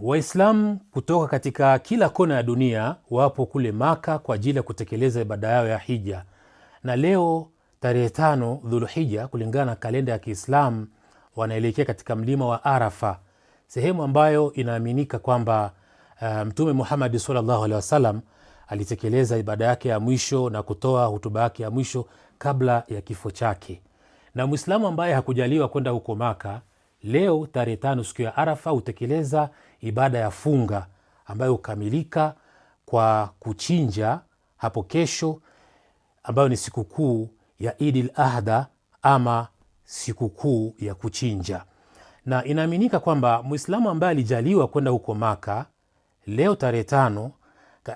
Waislamu kutoka katika kila kona ya dunia wapo kule Maka kwa ajili ya kutekeleza ibada yao ya hija, na leo tarehe tano Dhulhija kulingana na kalenda ya Kiislamu wanaelekea katika mlima wa Arafa, sehemu ambayo inaaminika kwamba uh, Mtume muhamadi sallallahu alaihi wasallam alitekeleza ibada yake ya mwisho na kutoa hutuba yake ya mwisho kabla ya kifo chake. Na mwislamu ambaye hakujaliwa kwenda huko Maka Leo tarehe tano, siku ya Arafa, hutekeleza ibada ya funga ambayo hukamilika kwa kuchinja hapo kesho, ambayo ni sikukuu ya Idil Ahda ama sikukuu ya kuchinja, na inaaminika kwamba Mwislamu ambaye alijaliwa kwenda huko Maka leo tarehe tano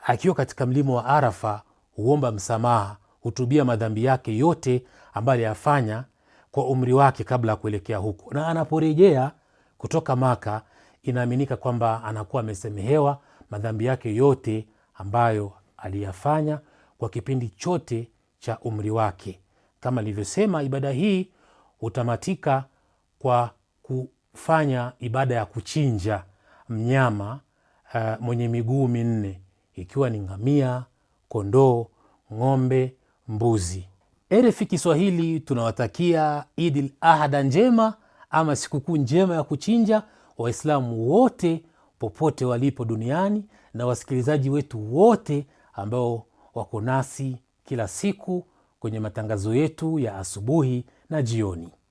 akiwa katika mlima wa Arafa huomba msamaha, hutubia madhambi yake yote ambayo aliyafanya kwa umri wake kabla ya kuelekea huko, na anaporejea kutoka Maka inaaminika kwamba anakuwa amesemehewa madhambi yake yote ambayo aliyafanya kwa kipindi chote cha umri wake. Kama ilivyosema, ibada hii hutamatika kwa kufanya ibada ya kuchinja mnyama uh, mwenye miguu minne ikiwa ni ngamia, kondoo, ng'ombe, mbuzi. RFI Kiswahili tunawatakia l Ahada njema ama sikukuu njema ya kuchinja Waislamu wote popote walipo duniani na wasikilizaji wetu wote ambao wako nasi kila siku kwenye matangazo yetu ya asubuhi na jioni.